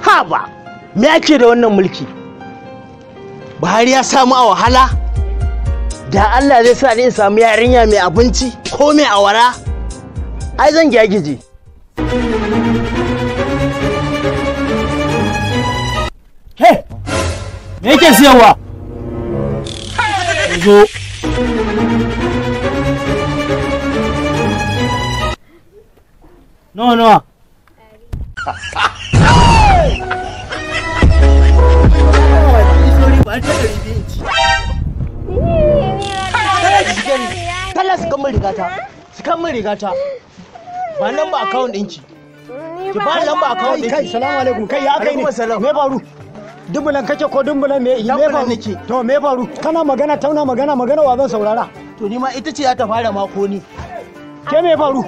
haba me ake da wannan mulki buhari ya samu a wahala da allah zai sa ni in samu yarinya mai abinci ko mai awara ai zan gyagije he me yake siyarwa zo nawa nawa kala su kan rigata su kan rigata ba nan ba akawun ɗinki ki ba nan ba akawun ɗinki kai salamu alaikum kai ya kai ne me faru dumbulan kake ko dumbulan me me faru nake to me faru kana magana tauna magana magana wa zan saurara to ni ma ita ce ya ta fara mako ni ke me faru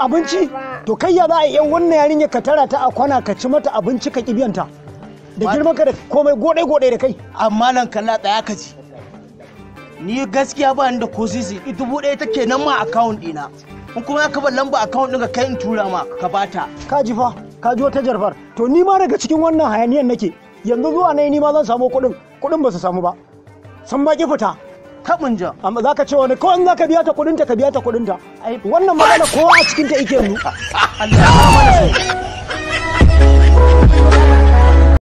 abinci to kai ya za a yan wannan yarinya ka tara ta a kwana ka ci mata abinci ka kibiyanta da girman ka da komai godai godai da kai amma nan na tsaya ka ji ni gaskiya ba ni da ko sisi dubu ɗaya take nan ma account ɗina in kuma ya ka bar lamba account ka kai in tura ma ka bata ka ji fa ka ji wata jarfar to ni ma daga cikin wannan hayaniyan nake yanzu zuwa nai ni ma zan samu kuɗin kuɗin ba su samu ba san ma ki fita tabin ja amma zaka ce wani ko in zaka biya ta kudin ta ka biya ta kudin ta wannan magana kowa a cikin ta yake mu Allah ya mana